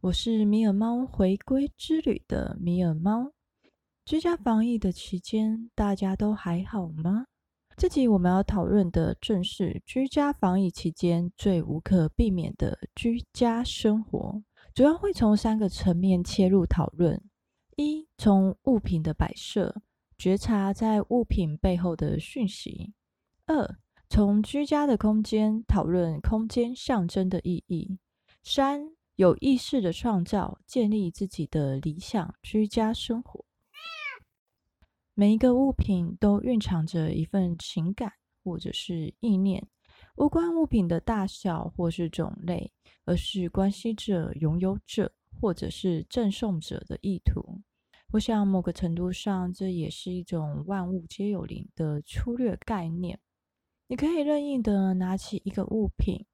我是米爾貓回歸之旅的米爾貓。居家防疫的期間，大家都還好嗎？這集我們要討論的，正是居家防疫期間最無可避免的居家生活。主要會從三個層面切入討論：一、從物品的擺設，覺察在物品背後的訊息；二、從居家的空間，討論空間象徵的意義；三，有意識的創造，建立自己的理想居家生活。每一個物品都蘊藏着一份情感，或者是意念，無關物品的大小或是種類，而是關係着擁有者或者是贈送者的意圖。我想，某個程度上，這也是一種萬物皆有靈的粗略概念。你可以任意的拿起一個物品。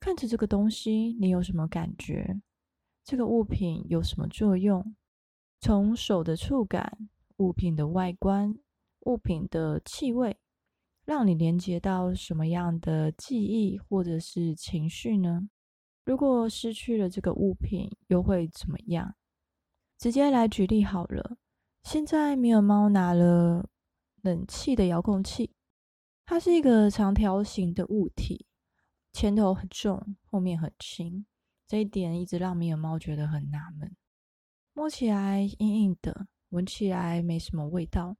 看着這個東西，你有什麼感覺？這個物品有什麼作用？從手的觸感、物品的外觀、物品的氣味，讓你連接到什麼樣的記憶或者是情緒呢？如果失去了這個物品，又會怎麼樣？直接來舉例好了。現在米爾貓拿了冷氣的遙控器，它是一個長條形的物體，前頭很重，後面很輕，這一點一直讓米爾貓覺得很納悶。摸起來硬硬的，聞起來沒什麼味道，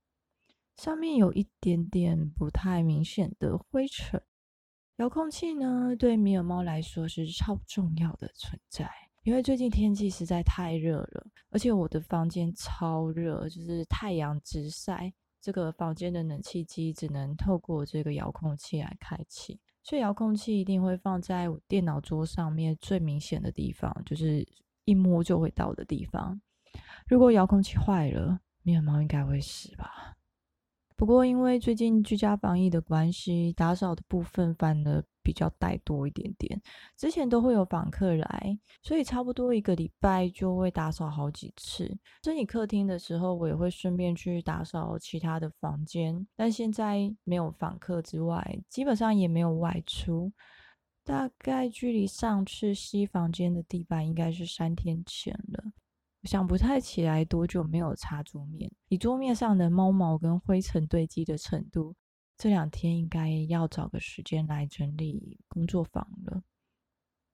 上面有一點點不太明顯的灰塵。遙控器呢，對米爾貓來說是超重要的存在，因為最近天氣實在太熱了，而且我的房間超熱，就是太陽直曬，這個房間的冷氣機只能透過這個遙控器來開啟。所以遙控器一定會放在我電腦桌上面最明顯的地方，就是一摸就會到的地方。如果遙控器壞了，米爾貓應該會死吧？不過因為最近居家防疫的關係，打掃的部分反而比較帶多一點點，之前都會有訪客來，所以差不多一個禮拜就會打掃好幾次。整理客廳的時候，我也會順便去打掃其他的房間。但現在沒有訪客之外，基本上也沒有外出。大概距離上次吸房間的地板應該是三天前了，我想不太起來多久沒有擦桌面。你桌面上的貓毛跟灰塵堆積的程度。這兩天應該要找個時間來整理工作坊了。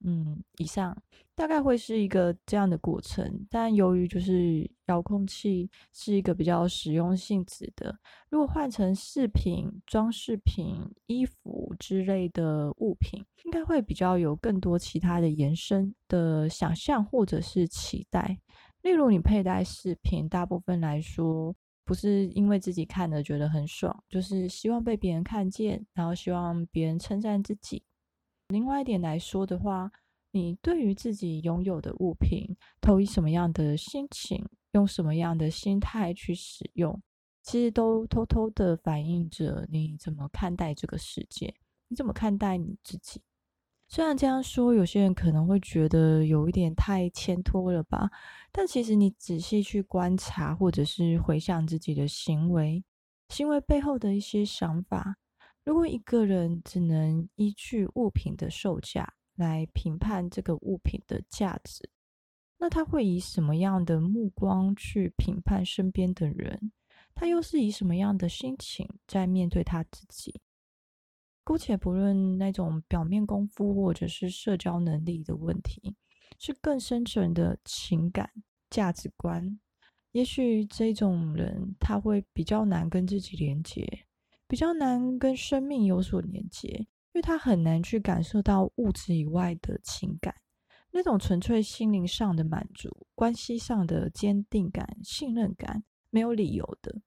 嗯，以上大概會是一個這樣的過程。但由於就是遙控器是一個比較實用性質的，如果換成飾品、裝飾品、衣服之類的物品，應該會比較有更多其他的延伸的想象或者是期待。例如，你佩戴飾品，大部分來說，不是因為自己看了覺得很爽，就是希望被別人看見，然後希望別人稱讚自己。另外一點來說的話，你對於自己擁有的物品，投以什麼樣的心情，用什麼樣的心態去使用，其實都偷偷的反映着你怎麼看待這個世界，你怎麼看待你自己。雖然這樣說，有些人可能會覺得有一點太牽拖了吧。但其實你仔細去觀察，或者是回想自己的行為、行為背後的一些想法，如果一個人只能依據物品的售價來評判這個物品的價值，那他會以什麼樣的目光去評判身邊的人？他又是以什麼樣的心情在面對他自己？姑且不論那種表面功夫或者是社交能力的問題，是更深層的情感價值觀。也許這種人他會比較難跟自己連接，比較難跟生命有所連接，因為他很難去感受到物質以外的情感，那種純粹心靈上的滿足、關係上的堅定感、信任感，沒有理由的。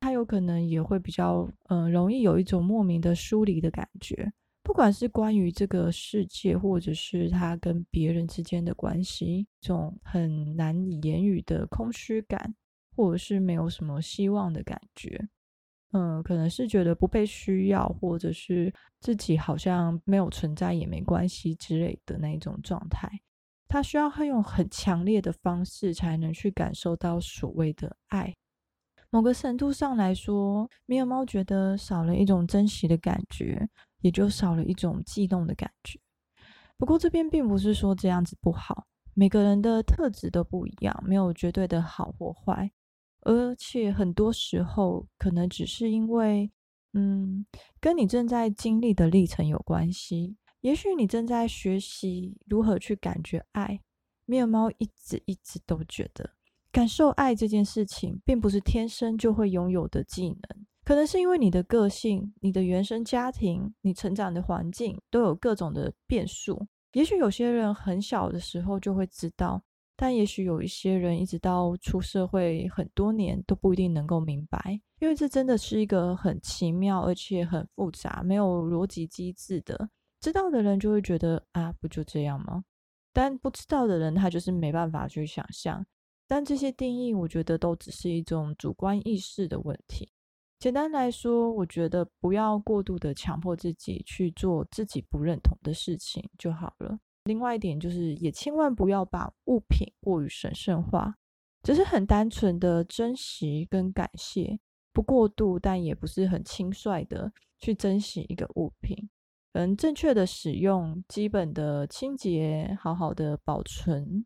他有可能也會比較，嗯、呃，容易有一種莫名的疏離的感覺，不管是關於這個世界，或者是他跟別人之間的關係，一種很難以言語的空虛感，或者是沒有什麼希望的感覺，嗯、呃，可能是覺得不被需要，或者是自己好像沒有存在也沒關係之類的那一種狀態。他需要他用很強烈的方式，才能去感受到所謂的愛。某個程度上來說，米爾貓覺得少了一種珍惜的感覺，也就少了一種悸動的感覺。不過這邊並不是說這樣子不好，每個人的特質都不一樣，沒有絕對的好或壞，而且很多時候可能只是因為，嗯，跟你正在經歷的歷程有關係。也許你正在學習如何去感覺愛，米爾貓一直一直都覺得。感受愛這件事情，並不是天生就會擁有的技能，可能是因為你的個性、你的原生家庭、你成長的環境都有各種的變數。也許有些人很小的時候就會知道，但也許有一些人一直到出社會很多年都不一定能夠明白，因為這真的是一個很奇妙而且很複雜、沒有邏輯機制的。知道的人就會覺得啊，不就這樣嗎？但不知道的人他就是沒辦法去想象。但這些定義，我覺得都只是一種主觀意識的問題。簡單來說，我覺得不要過度的強迫自己去做自己不認同的事情就好了。另外一點就是，也千萬不要把物品過於神聖化，只是很單純的珍惜跟感謝，不過度，但也不是很輕率的去珍惜一個物品。能、嗯、正確的使用，基本的清潔，好好的保存。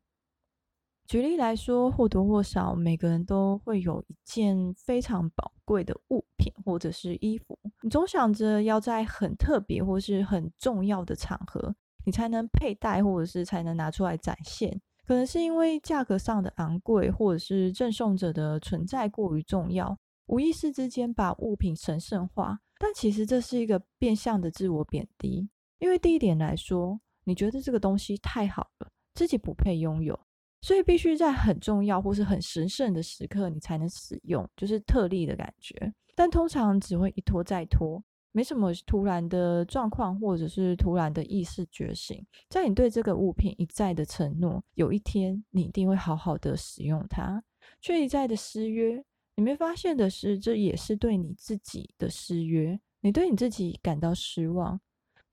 舉例來說，或多或少每個人都會有一件非常寶貴的物品，或者是衣服。你總想着要在很特別或是很重要的場合，你才能佩戴，或者是才能拿出來展現。可能是因為價格上的昂貴，或者是贈送者的存在過於重要，無意識之間把物品神聖化。但其實這是一個變相的自我貶低，因為第一點來說，你覺得這個東西太好了，自己不配擁有。所以必須在很重要或是很神聖的時刻，你才能使用，就是特例的感覺。但通常只會一拖再拖，沒什麼突然的狀況，或者是突然的意識覺醒。在你對這個物品一再的承諾，有一天你一定會好好的使用它，卻一再的失約。你沒發現的是，這也是對你自己的失約。你對你自己感到失望。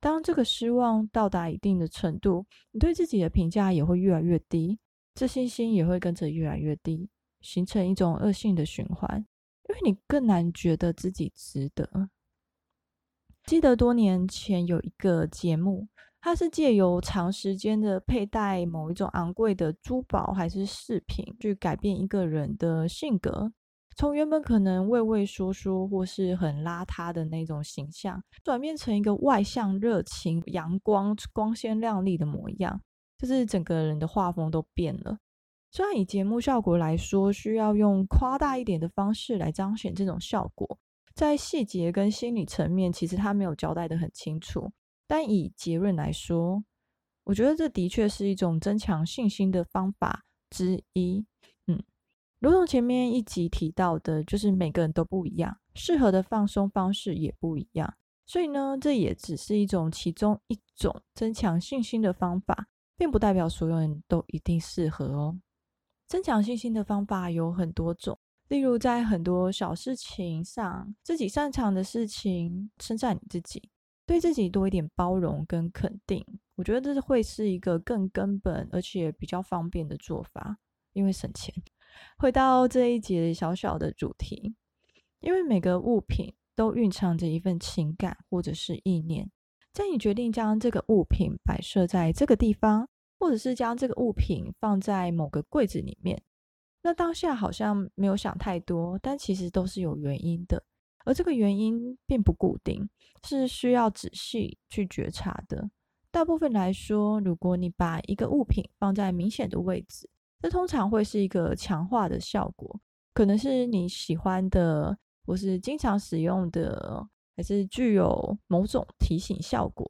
當這個失望到達一定的程度，你對自己的評價也會越來越低。自信心也會跟着越來越低，形成一種惡性的循環，因為你更難覺得自己值得。記得多年前有一個節目，它是借由長時間的佩戴某一種昂貴的珠寶還是飾品，去改變一個人的性格，從原本可能畏畏縮縮或是很邋遢的那種形象，轉變成一個外向、熱情、陽光、光鮮亮麗的模樣。就是整個人的畫風都變了。雖然以節目效果來說，需要用誇大一點的方式來彰顯這種效果，在細節跟心理層面，其實他沒有交代的很清楚。但以結論來說，我覺得這的確是一種增強信心的方法之一。嗯，如同前面一集提到的，就是每個人都不一樣，適合的放鬆方式也不一樣，所以呢，這也只是一種其中一種增強信心的方法。並不代表所有人都一定適合哦。增強信心的方法有很多種，例如在很多小事情上，自己擅長的事情稱讚你自己，對自己多一點包容跟肯定。我覺得這是會是一個更根本而且比較方便的做法，因為省錢。回到這一集小小的主題，因為每個物品都蘊藏着一份情感或者是意念，在你決定將這個物品擺設在這個地方。或者是將這個物品放在某個櫃子裡面，那當下好像沒有想太多，但其實都是有原因的，而這個原因並不固定，是需要仔細去覺察的。大部分來說，如果你把一個物品放在明顯的位置，這通常會是一個強化的效果，可能是你喜歡的，或是經常使用的，還是具有某種提醒效果。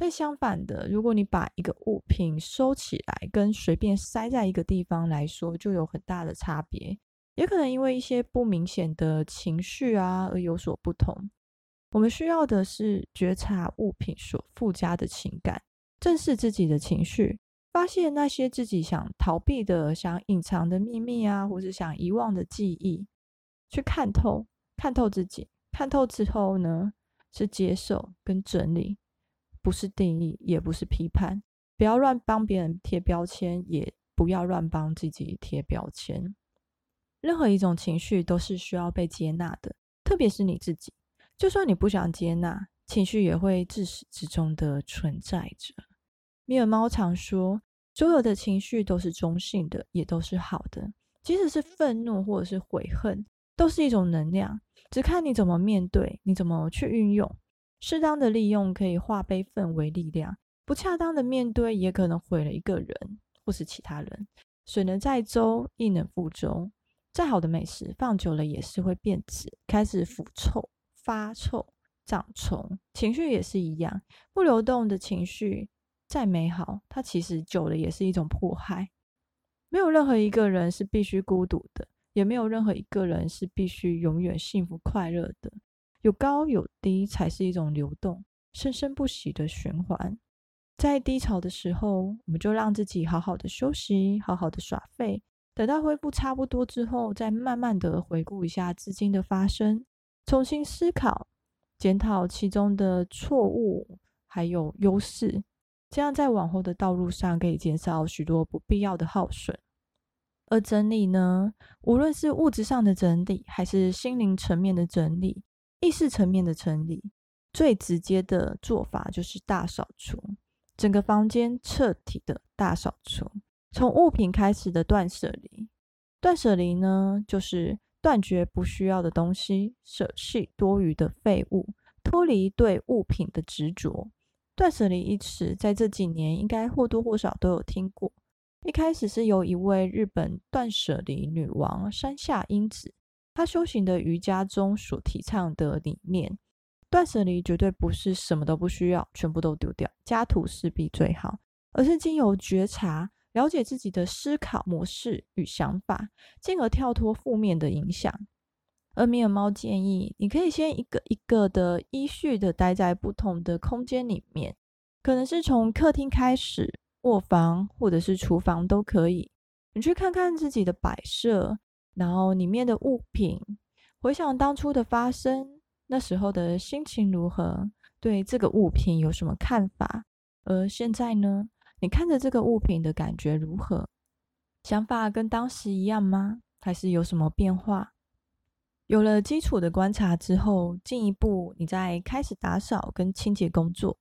但相反的，如果你把一個物品收起來，跟隨便塞在一個地方來說，就有很大的差別。也可能因為一些不明顯的情緒啊而有所不同。我們需要的是覺察物品所附加的情感，正視自己的情緒，發現那些自己想逃避的、想隱藏的秘密啊，或是想遺忘的記憶，去看透，看透自己，看透之後呢，是接受跟整理。不是定義，也不是批判，不要亂幫別人貼標籤，也不要亂幫自己貼標籤。任何一種情緒都是需要被接納的，特別是你自己。就算你不想接納，情緒也會自始至終的存在着。米爾貓常說，所有的情緒都是中性的，也都是好的。即使是憤怒或者是悔恨，都是一種能量，只看你怎麼面對，你怎麼去運用。適當的利用可以化悲憤為力量，不恰當的面對也可能毀了一個人或是其他人。水能載舟，亦能覆舟。再好的美食放久了也是會變質，開始腐臭、發臭、長蟲。情緒也是一樣，不流動的情緒再美好，它其實久了也是一種迫害。沒有任何一個人是必須孤獨的，也沒有任何一個人是必須永遠幸福快樂的。有高有低，才是一種流動、生生不息的循環。在低潮的時候，我們就讓自己好好的休息，好好的耍廢。等到恢復差不多之後，再慢慢的回顧一下資金的發生，重新思考、檢討其中的錯誤還有優勢，這樣在往後的道路上可以減少許多不必要的耗損。而整理呢，無論是物質上的整理，還是心靈層面的整理。意識層面的整理，最直接的做法就是大掃除，整個房間徹底的大掃除，從物品開始的斷捨離。斷捨離呢，就是斷絕不需要的東西，捨棄多餘的廢物，脫離對物品的執着。斷捨離一詞，在這幾年應該或多或少都有聽過。一開始是由一位日本斷捨離女王山下英子，他修行的瑜伽中所提倡的理念，斷捨離絕對不是什麼都不需要，全部都丟掉，家徒四壁最好，而是經由覺察，了解自己的思考模式與想法，進而跳脫負面的影響。而米爾貓建議，你可以先一個一個的依序的待在不同的空間裡面，可能是從客廳開始，臥房或者是廚房都可以，你去看看自己的擺設。然後裡面的物品，回想當初的發生，那時候的心情如何？對這個物品有什麼看法？而現在呢？你看着這個物品的感覺如何？想法跟當時一樣嗎？還是有什麼變化？有了基礎的觀察之後，進一步你再開始打掃跟清潔工作，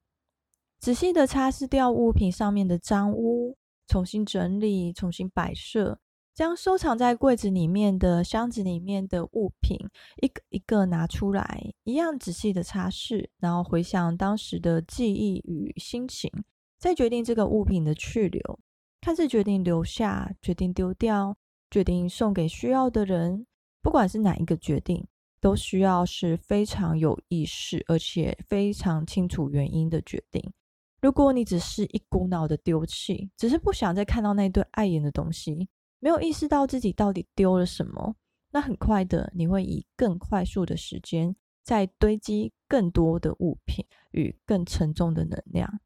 仔細的擦拭掉物品上面的髒污，重新整理，重新擺設。將收藏在櫃子裡面的箱子裡面的物品一個一個拿出來，一樣仔細的擦拭，然後回想當時的記憶與心情，再決定這個物品的去留。看似決定留下，決定丟掉，決定送給需要的人，不管是哪一個決定，都需要是非常有意識，而且非常清楚原因的決定。如果你只是一股腦的丟棄，只是不想再看到那堆礙眼的東西。沒有意識到自己到底丟了什麼，那很快的，你會以更快速的時間再堆積更多的物品與更沉重的能量。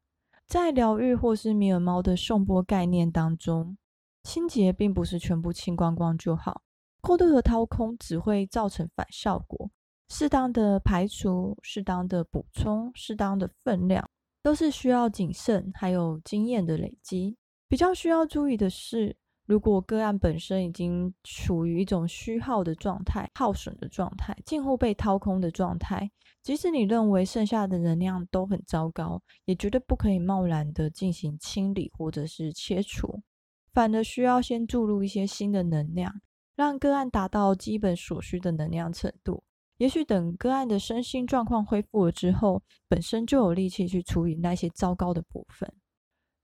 在療癒或是米爾貓的頌缽概念當中，清潔並不是全部清光光就好，過度和掏空只會造成反效果。適當的排除、適當的補充、適當的分量，都是需要謹慎還有經驗的累積。比較需要注意的是，如果個案本身已經處於一種虛耗的狀態、耗損的狀態、近乎被掏空的狀態，即使你認為剩下的能量都很糟糕，也絕對不可以貿然的進行清理或者是切除，反而需要先注入一些新的能量，讓個案達到基本所需的能量程度。也許等個案的身心狀況恢復了之後，本身就有力氣去處理那些糟糕的部分。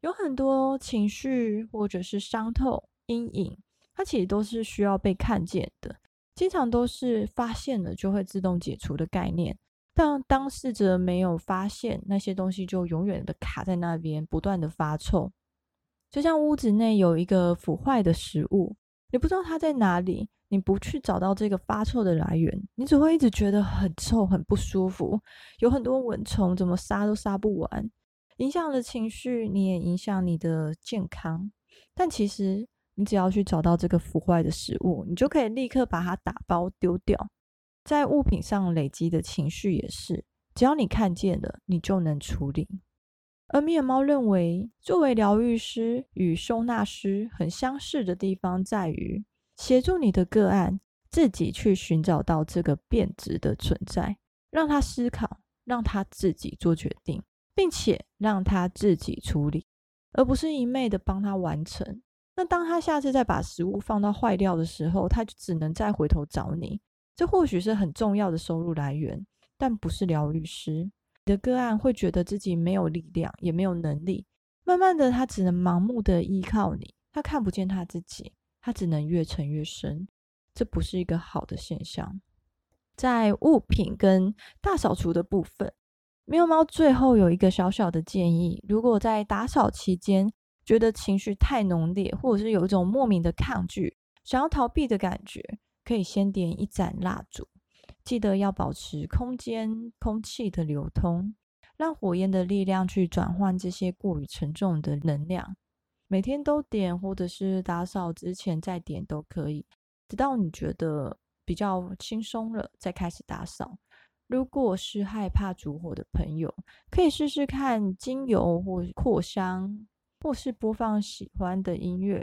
有很多情緒或者是傷痛陰影，它其實都是需要被看見的。經常都是發現了就會自動解除的概念，但當事者沒有發現那些東西，就永遠的卡在那邊，不斷的發臭。就像屋子內有一個腐壞的食物，你不知道它在哪裡，你不去找到這個發臭的來源，你只會一直覺得很臭、很不舒服。有很多蚊蟲，怎麼殺都殺不完。影響了情緒，你也影響你的健康。但其實，你只要去找到這個腐壞的食物，你就可以立刻把它打包丟掉。在物品上累積的情緒也是，只要你看見了，你就能處理。而米爾貓認為，作為療癒師與收納師很相似的地方在於協助你的個案自己去尋找到這個變質的存在，讓他思考，讓他自己做決定。並且讓他自己處理，而不是一昧的幫他完成。那當他下次再把食物放到壞掉的時候，他就只能再回頭找你。這或許是很重要的收入來源，但不是療癒師。你的個案會覺得自己沒有力量，也沒有能力。慢慢的，他只能盲目的依靠你，他看不見他自己，他只能越沉越深。這不是一個好的現象。在物品跟大掃除的部分。米爾貓最後有一個小小的建議：如果在打掃期間覺得情緒太濃烈，或者是有一種莫名的抗拒、想要逃避的感覺，可以先點一盞蠟燭。記得要保持空間、空氣的流通，讓火焰的力量去轉換這些過於沉重的能量。每天都點，或者是打掃之前再點都可以，直到你覺得比較輕鬆了，再開始打掃。如果是害怕燭火的朋友，可以試試看精油或擴香，或是播放喜歡的音樂，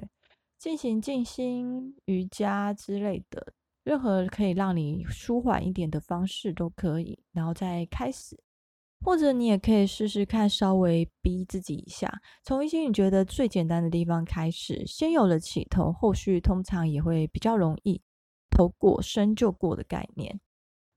進行靜心、瑜伽之類的，任何可以讓你舒緩一點的方式都可以，然後再開始。或者你也可以試試看，稍微逼自己一下，從一些你覺得最簡單的地方開始，先有了起頭，後續通常也會比較容易。頭過身就過的概念。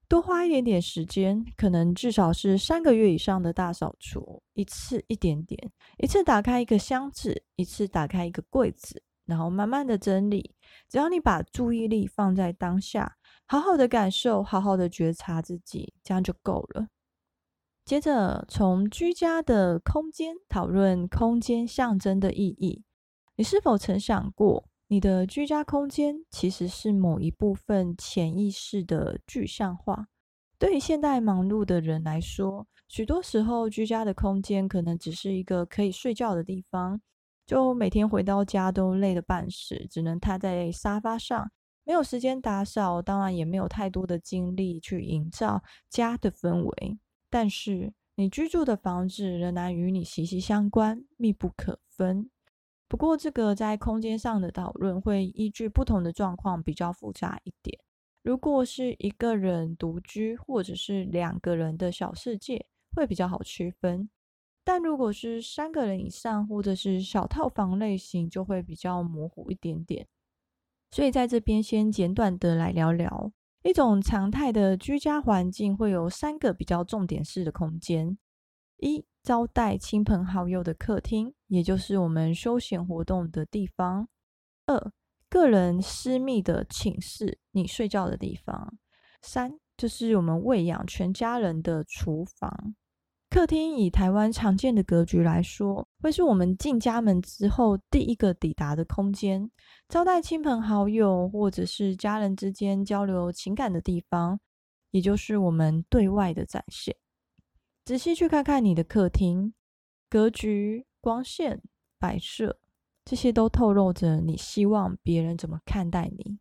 多花一點點時間，可能至少是三個月以上的大掃除，一次一點點，一次打開一個箱子，一次打開一個櫃子，然後慢慢的整理。只要你把注意力放在當下，好好的感受，好好的覺察自己，這樣就夠了。接着，從居家的空間討論空間象徵的意義，你是否曾想過？你的居家空間其實是某一部分潛意識的具象化。對於現代忙碌的人來說，許多時候居家的空間可能只是一個可以睡覺的地方。就每天回到家都累得半死，只能癱在沙發上，沒有時間打掃，當然也沒有太多的精力去營造家的氛圍。但是，你居住的房子仍然與你息息相關，密不可分。不過，這個在空間上的討論會依據不同的狀況比較複雜一點。如果是一個人獨居或者是兩個人的小世界，會比較好區分；但如果是三個人以上或者是小套房類型，就會比較模糊一點點。所以在這邊先簡短的來聊聊一種常態的居家環境，會有三個比較重點式的空間：一，招待親朋好友的客廳，也就是我們休閒活動的地方；二，個人私密的寢室，你睡覺的地方；三，就是我們餵養全家人的廚房。客廳以台灣常見的格局來說，會是我們進家門之後第一個抵達的空間，招待親朋好友或者是家人之間交流情感的地方，也就是我們對外的展現。仔細去看看你的客廳格局、光線、擺設，這些都透露着你希望別人怎麼看待你。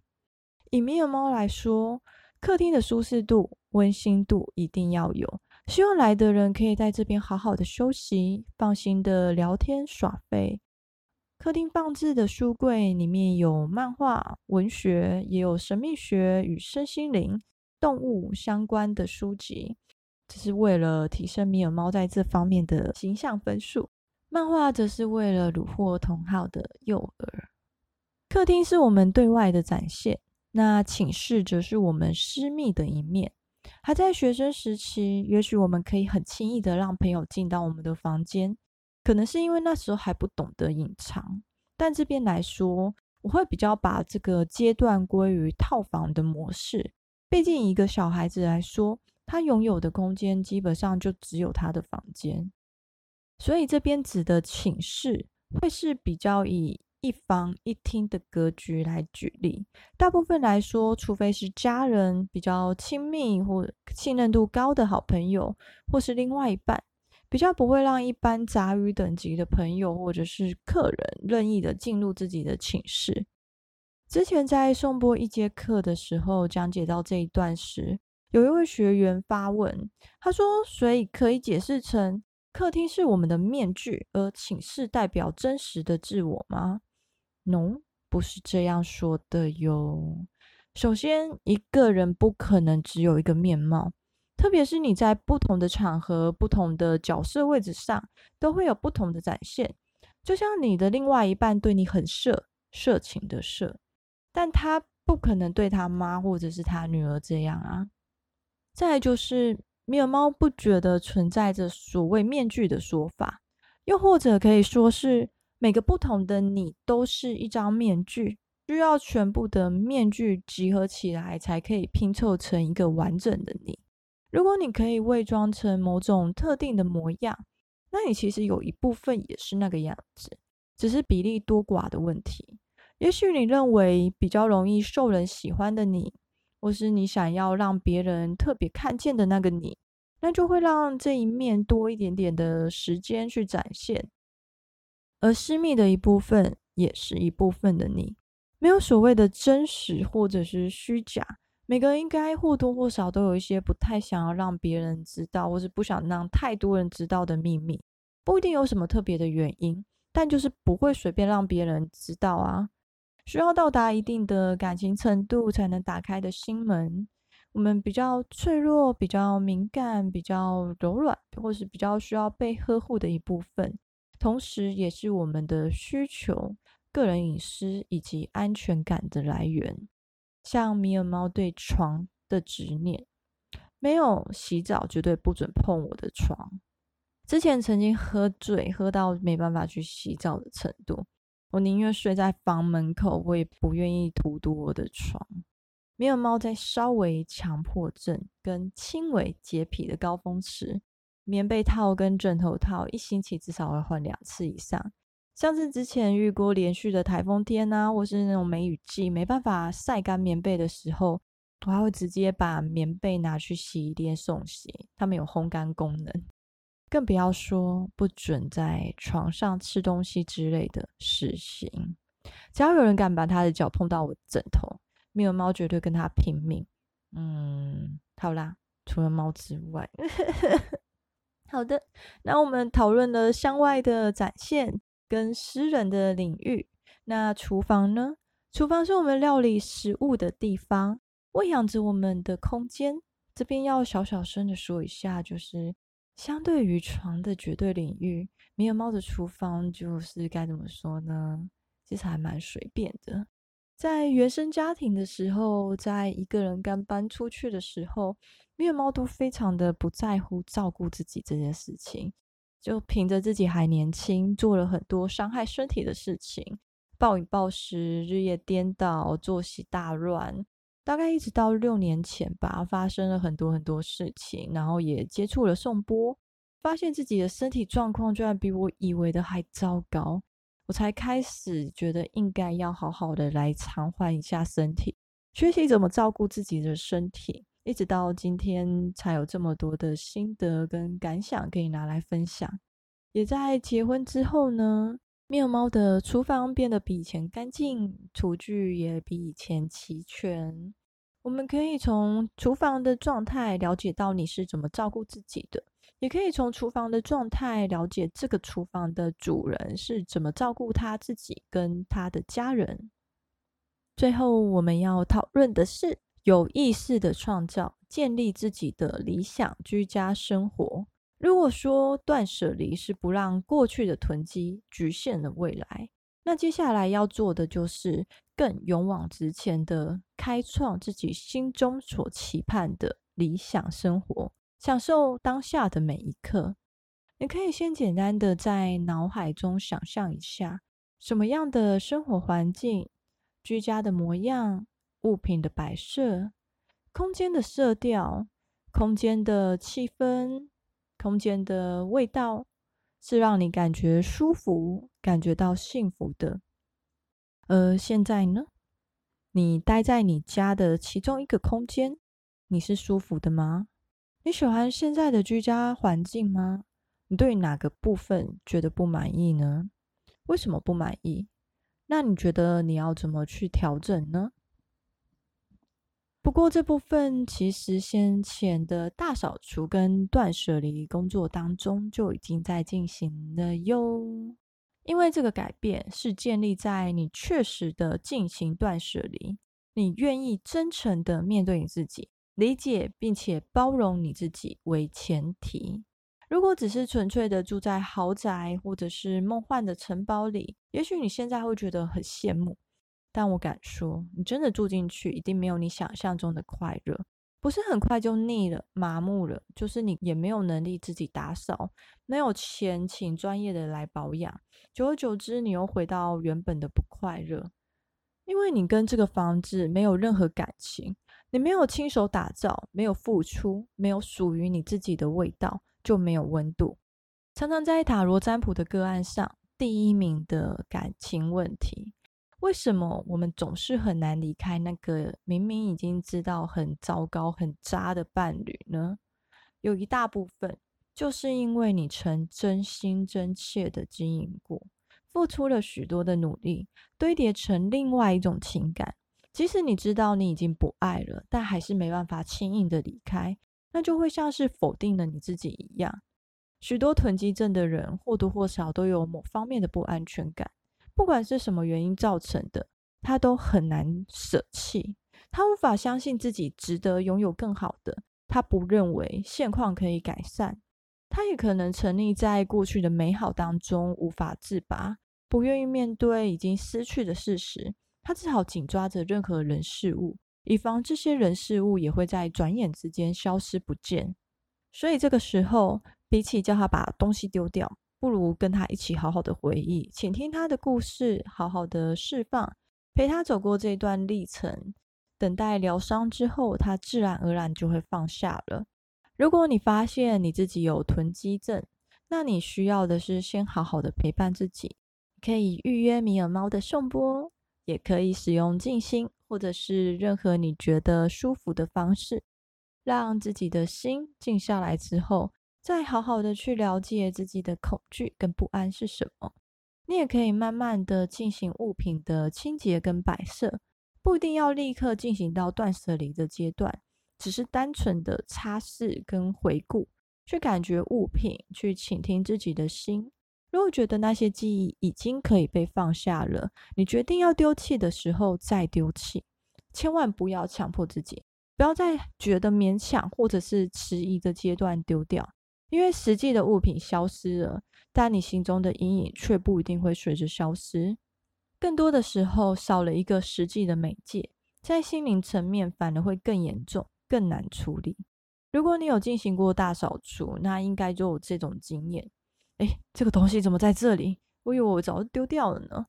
以米爾貓來說，客廳的舒適度、溫馨度一定要有，希望來的人可以在這邊好好的休息、放心的聊天耍廢。客廳放置的書櫃裡面有漫畫、文學，也有神秘學與身心靈、動物相關的書籍。只是為了提升米爾貓在這方面的形象分數，漫畫則是為了虜獲同好的幼兒。客廳是我們對外的展現，那寢室則是我們私密的一面。還在學生時期，也許我們可以很輕易的讓朋友進到我們的房間，可能是因為那時候還不懂得隱藏。但這邊來說，我會比較把這個階段歸於套房的模式，畢竟一個小孩子來說。他擁有的空間基本上就只有他的房間，所以這邊指的寢室會是比較以一房一廳的格局來舉例。大部分來說，除非是家人比較親密或信任度高的好朋友，或是另外一半，比較不會讓一般雜魚等級的朋友或者是客人任意的進入自己的寢室。之前在送播一節課的時候，講解到這一段時。有一位學員發問，他說：“所以可以解釋成客廳是我們的面具，而寢室代表真實的自我嗎？” No，不是這樣說的喲。首先，一個人不可能只有一個面貌，特別是你在不同的場合、不同的角色位置上，都會有不同的展現。就像你的另外一半對你很色，色情的色，但他不可能對他媽或者是他女兒這樣啊。再來就是，米爾貓不覺得存在着所謂面具的說法，又或者可以說是每個不同的你都是一張面具，需要全部的面具集合起來才可以拼湊成一個完整的你。如果你可以偽裝成某種特定的模樣，那你其實有一部分也是那個樣子，只是比例多寡的問題。也許你認為比較容易受人喜歡的你。或是你想要讓別人特別看見的那個你，那就會讓這一面多一點點的時間去展現，而私密的一部分也是一部分的你，沒有所謂的真實或者是虛假，每個人應該或多或少都有一些不太想要讓別人知道，或是不想讓太多人知道的秘密，不一定有什麼特別的原因，但就是不會隨便讓別人知道啊。需要到達一定的感情程度才能打開的心門，我們比較脆弱、比較敏感、比較柔軟，或是比較需要被呵護的一部分，同時也是我們的需求、個人隱私，以及安全感的來源。像米爾貓對床的執念，沒有洗澡絕對不准碰我的床。之前曾經喝醉，喝到沒辦法去洗澡的程度。我寧願睡在房門口，我也不願意荼毒我的床。沒有貓在稍微強迫症跟輕微潔癖的高峰時，棉被套跟枕頭套一星期至少會換兩次以上。像是之前遇過連續的台風天啊，或是那種梅雨季沒辦法曬乾棉被的時候，我還會直接把棉被拿去洗衣店送洗，它們有烘乾功能。更不要說不准在床上吃東西之類的事情。只要有人敢把他的腳碰到我枕頭，沒有貓絕對跟他拼命。嗯，好啦，除了貓之外， 好的。那我們討論了向外的展現跟私人的領域。那廚房呢？廚房是我們料理食物的地方，餵養着我們的空間。這邊要小小聲的說一下，就是。相對於床的絕對領域，米爾貓的廚房就是該怎麼說呢？其實還蠻隨便的。在原生家庭的時候，在一個人剛搬出去的時候，米爾貓都非常的不在乎照顧自己這件事情，就憑着自己還年輕，做了很多傷害身體的事情，暴飲暴食，日夜顛倒，作息大亂。大概一直到六年前吧，發生了很多很多事情，然後也接觸了頌缽，發現自己的身體狀況居然比我以為的還糟糕，我才開始覺得應該要好好的來償還一下身體，學習怎麼照顧自己的身體，一直到今天才有這麼多的心得跟感想可以拿來分享。也在結婚之後呢，米爾貓的廚房變得比以前乾淨，廚具也比以前齊全。我們可以從廚房的狀態了解到你是怎麼照顧自己的，也可以從廚房的狀態了解這個廚房的主人是怎麼照顧他自己跟他的家人。最後，我們要討論的是有意識的創造，建立自己的理想居家生活。如果說斷捨離是不讓過去的囤積局限了未來，那接下來要做的就是。更勇往直前的開創自己心中所期盼的理想生活，享受當下的每一刻。你可以先簡單的在腦海中想象一下，什麼樣的生活環境、居家的模樣、物品的擺設、空間的色調、空間的氣氛、空間的味道，是讓你感覺舒服、感覺到幸福的。呃，而現在呢，你待在你家的其中一個空間，你是舒服的嗎？你喜歡現在的居家環境嗎？你對哪個部分覺得不滿意呢？為什麼不滿意？那你覺得你要怎麼去調整呢？不過這部分其實先前的大掃除跟斷捨離工作當中就已經在進行了喲。因為這個改變是建立在你確實的進行斷捨離，你願意真誠的面對你自己，理解並且包容你自己為前提。如果只是純粹的住在豪宅或者是夢幻的城堡裡，也許你現在會覺得很羨慕，但我敢說，你真的住進去，一定沒有你想象中的快樂。不是很快就膩了，麻木了，就是你也沒有能力自己打掃，沒有錢請專業的來保養，久而久之，你又回到原本的不快樂，因為你跟這個房子沒有任何感情，你沒有親手打造，沒有付出，沒有屬於你自己的味道，就沒有溫度。常常在塔羅占卜的個案上，第一名的感情問題。為什麼我們總是很難離開那個明明已經知道很糟糕、很渣的伴侶呢？有一大部分就是因為你曾真心真切的經營過，付出了許多的努力，堆疊成另外一種情感。即使你知道你已經不愛了，但還是沒辦法輕易的離開，那就會像是否定了你自己一樣。許多囤積症的人或多或少都有某方面的不安全感。不管是什麼原因造成的，他都很難捨棄。他無法相信自己值得擁有更好的，他不認為現況可以改善。他也可能沉溺在過去的美好當中，無法自拔，不願意面對已經失去的事實。他只好緊抓着任何人事物，以防這些人事物也會在轉眼之間消失不見。所以這個時候，比起叫他把東西丟掉，不如跟他一起好好的回憶，傾聽他的故事，好好的釋放，陪他走過這段歷程，等待療傷之後，他自然而然就會放下了。如果你發現你自己有囤積症，那你需要的是先好好的陪伴自己，可以預約米爾貓的頌缽，也可以使用靜心，或者是任何你覺得舒服的方式，讓自己的心靜下來之後。再好好的去了解自己的恐懼跟不安是什麼，你也可以慢慢的進行物品的清潔跟擺設，不一定要立刻進行到斷捨離的階段，只是單純的擦拭跟回顧，去感覺物品，去傾聽自己的心。如果覺得那些記憶已經可以被放下了，你決定要丟棄的時候再丟棄，千萬不要強迫自己，不要在覺得勉強或者是遲疑的階段丟掉。因為實際的物品消失了，但你心中的陰影卻不一定會隨之消失。更多的時候，少了一個實際的媒介，在心靈層面反而會更嚴重、更難處理。如果你有進行過大掃除，那應該就有這種經驗。哎，這個東西怎麼在這裡？我以為我早就丟掉了呢。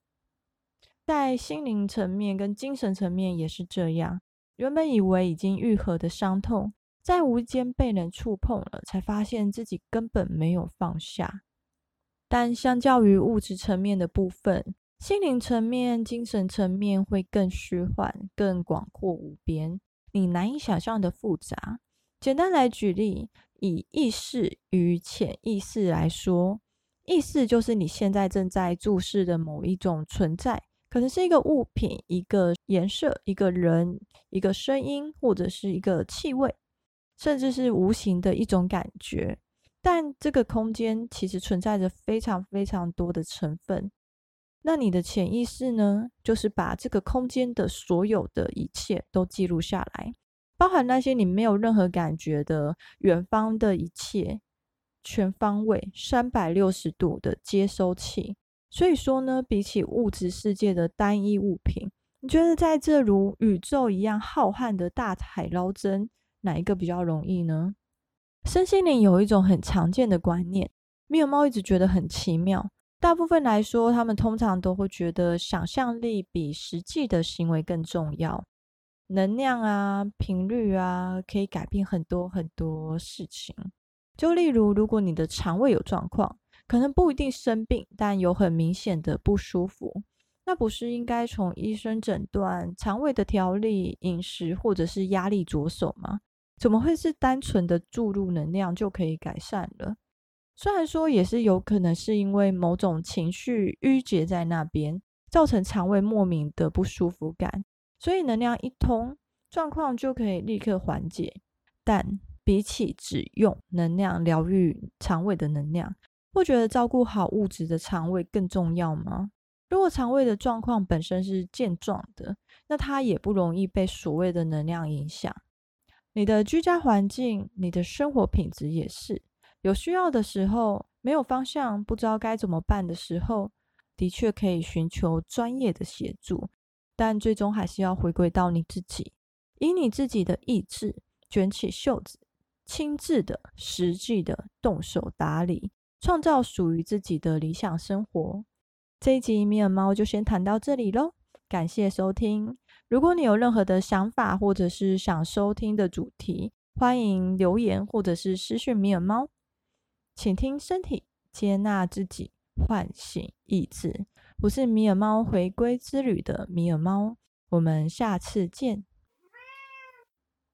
在心靈層面跟精神層面也是這樣，原本以為已經癒合的傷痛。在無意間被人觸碰了，才發現自己根本沒有放下。但相較於物質層面的部分，心靈層面、精神層面會更虛幻、更廣闊無邊，你難以想象的複雜。簡單來舉例，以意識與潛意識來說，意識就是你現在正在注視的某一種存在，可能是一個物品、一個顏色、一個人、一個聲音，或者是一個氣味。甚至是無形的一種感覺，但這個空間其實存在着非常非常多的成分。那你的潛意識呢，就是把這個空間的所有的一切都記錄下來，包含那些你沒有任何感覺的遠方的一切，全方位三百六十度的接收器。所以說呢，比起物質世界的單一物品，你覺得在這如宇宙一樣浩瀚的大海撈針，哪一個比較容易呢？身心靈有一種很常見的觀念，米爾貓一直覺得很奇妙。大部分來說，他們通常都會覺得想象力比實際的行為更重要。能量啊，頻率啊，可以改變很多很多事情。就例如，如果你的腸胃有狀況，可能不一定生病，但有很明顯的不舒服，那不是應該從醫生診斷、腸胃的調理、飲食或者是壓力着手嗎？怎麼會是單純的注入能量就可以改善了？雖然說也是有可能是因為某種情緒鬱結在那邊，造成腸胃莫名的不舒服感，所以能量一通，狀況就可以立刻緩解。但比起只用能量療癒腸胃的能量，不覺得照顧好物質的腸胃更重要嗎？如果腸胃的狀況本身是健壯的，那它也不容易被所謂的能量影響。你的居家環境，你的生活品質也是。有需要的時候，沒有方向，不知道該怎麼辦的時候，的確可以尋求專業的協助。但最終還是要回歸到你自己，以你自己的意志，捲起袖子，親自的、實際的動手打理，創造屬於自己的理想生活。這一集米爾貓就先談到這裡嘍，感謝收聽。如果你有任何的想法，或者是想收聽的主題，歡迎留言或者是私訊米爾貓。傾聽身體，接納自己，喚醒意志。我是米爾貓回歸之旅的米爾貓，我們下次見。